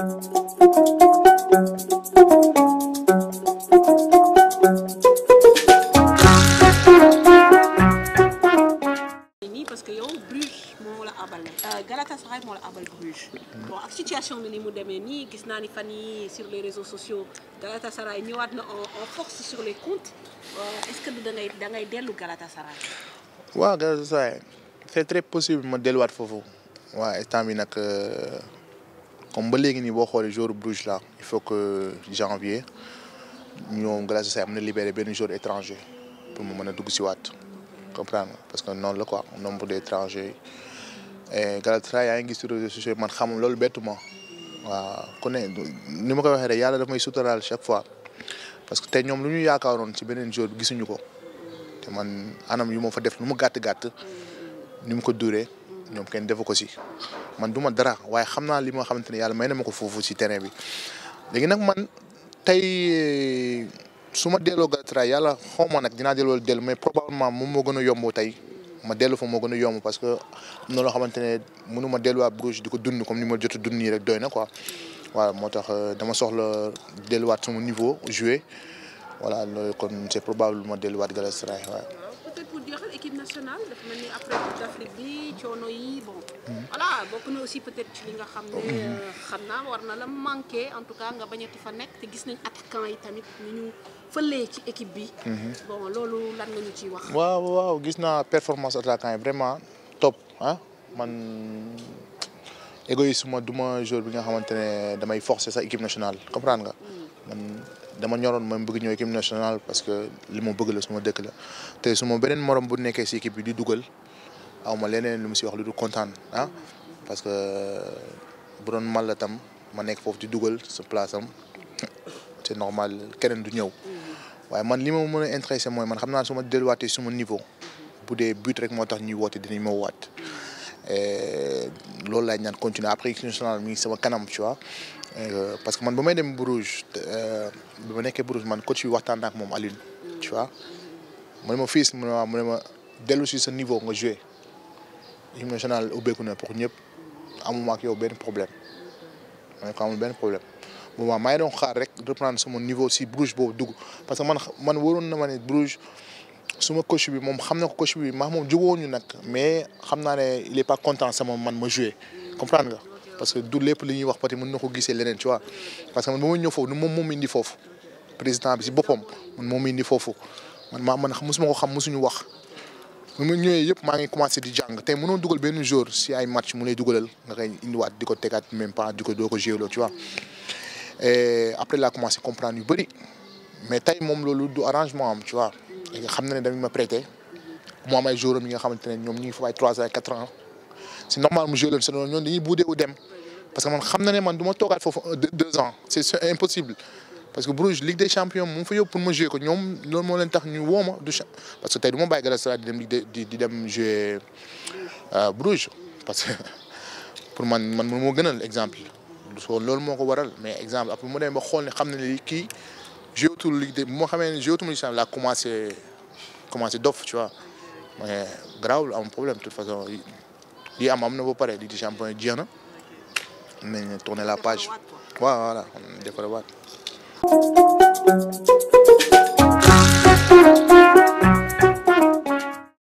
nii parce que yow Bruges moo la abal euh, Galatasaray moo la abal Bruges ak situation bi ni mu demee nii gis naa ni fan yi sur les réseaux sociaux Galatasaray ñëwaat na en force sur les comptes euh, est-ce que da dellu Galatasaray waaw Galatasaray c'est très possible ma delluwaat foofu waaw instant nag euh, comme ba léegi nii boo xoolee jour Bruges là il faut que janvier ñoom grâce à ça am na libéré benn jour étranger pour mu mën a dugg si waat comprendre parce que noonu la ko nombre d' étrangers et Galatasaray yaa ngi gis sur réseaux man xamul loolu bettuma waaw ku ne ni ma koy waxee rek yàlla daf may suturaal chaque fois parce que te ñoom lu ñu yaakaaroon ci beneen jour gisuñu ko te man anam yi ma fa def nu mu gàtt gàtt ni mu ko dure ñoom kenn defu ko si. man du ma dara waaye xam naa li ma xamante ne yàlla may na ma ko foofu si terrain bi léegi nag man tey su ma delloo Galatasaray yàlla xaw ma nag dinaa delloo dellu mais probablement moom moo gën a yomb tey ma dellu fa moo gën a yomb parce que am na loo xamante ne mënu delluwaat Bruges di ko dund comme ni ma jot a dund nii rek doy na quoi voilà moo tax euh, dama soxla delluwaat sama niveau jouer wala loolu kon c'est probable ma delluwaat Galatasaray waaw pour jeexal équipe nationale dafa mel ni après Coupe d'Afrique bi coono yi bon. bokk na aussi peut ci li nga xam ne mhm. euh, xam naa war na la manqué en tout cas nga bañati fa nekk te gis nañ attaquant yi tamit ni ñu fëlee ci équipe bi. Mhm. loolu lan nga ñu wax. waaw waaw gis naa performance attaquant yi vraiment top man ah. man égoïsme duma joueur bi nga xamante ne damay forcer sa équipe nationale comprendre nga. Mm. dama ñoroon ma bëgg ñëw équipe nationale parce que li ma bëgg la suma dëkk la te suma beneen morom bu nekkee si équipe bi di dugal aw ma leneen lu mu si wax lu du kontaan ah parce que bu doon mal la tam ma nekk foofu di dugal sa place am c'est normal keneen du ñëw waaye man li ma mën a intéressé mooy man xam naa suma ma delluwaatee suma niveau bu dee but rek moo tax ñuy woote dinañ ma waat loolu laay ñaan continuer après équipe nationale mi ngi sama kanam tu Euh, parce que man ba may dem Bruges euh, bi ma nekkee Bruges man coach bi waxtaan ak moom Alioune tu vois mu ne ma fils mu ne ma mu ne ma dellu si sa niveau nga joué hymne national ubbeeku na pour ñëpp amuma ak yow benn problème ma ne ko amul benn problème bon waaw maa ngi xaar rek reprendre sama niveau si Bruges boobu dugg parce que man man waroon na man ne Bruges suma coach bi moom xam na ko coach bi maa moom jubóo ñu nag mais xam naa ne il est pas content sama man ma joué comprendre nga. parce que du lépp li ñuy wax peut-être mën na ko gisee leneen tu vois parce que man ba ma ñëw foofu moom moom indi foofu président bi si boppam man moom indi foofu man maa man mosuma ko xam mosuñu wax. bu ma ñëwee yëpp maa ngi commencé di jàng tey mënoo dugal benn jour si ay match mu lay dugalal nga koy indiwaat di ko tegaat même pas di ko doo ko géoloo tu vois et après laa commencé comprendre yu bëri mais tey moom loolu du arrangement am tu vois xam na ne dañ ma prêté mu am ay jour am yi nga xamante ne ñoom ñu ngi fa ay trois ans quatre ans. si normal mu joué leen sinon ñoom dañuy buudee wu dem parce que man xam na ne man du ma toogaat foofu deux ans c'est impossible parce que Bruges Ligue des champions mu fa yóbbu pour ma joué ko ñoom loolu moo leen tax ñu woo ma du parce que tey du ma bàyyi Galatasaray di dem Ligue di dem joué euh, Bruges parce que pour man man moom moo gënal exemple soo loolu moo ko waral mais exemple après mu demee ba xool ne xam na ne kii joué wutul Ligue des bu xamee ne joué wutul Ligue laa commencé commencé dof tu vois mais garaawul am problème de li am am na ba pare ligue des champions jeex na nañ la page waaw voilà defaree waat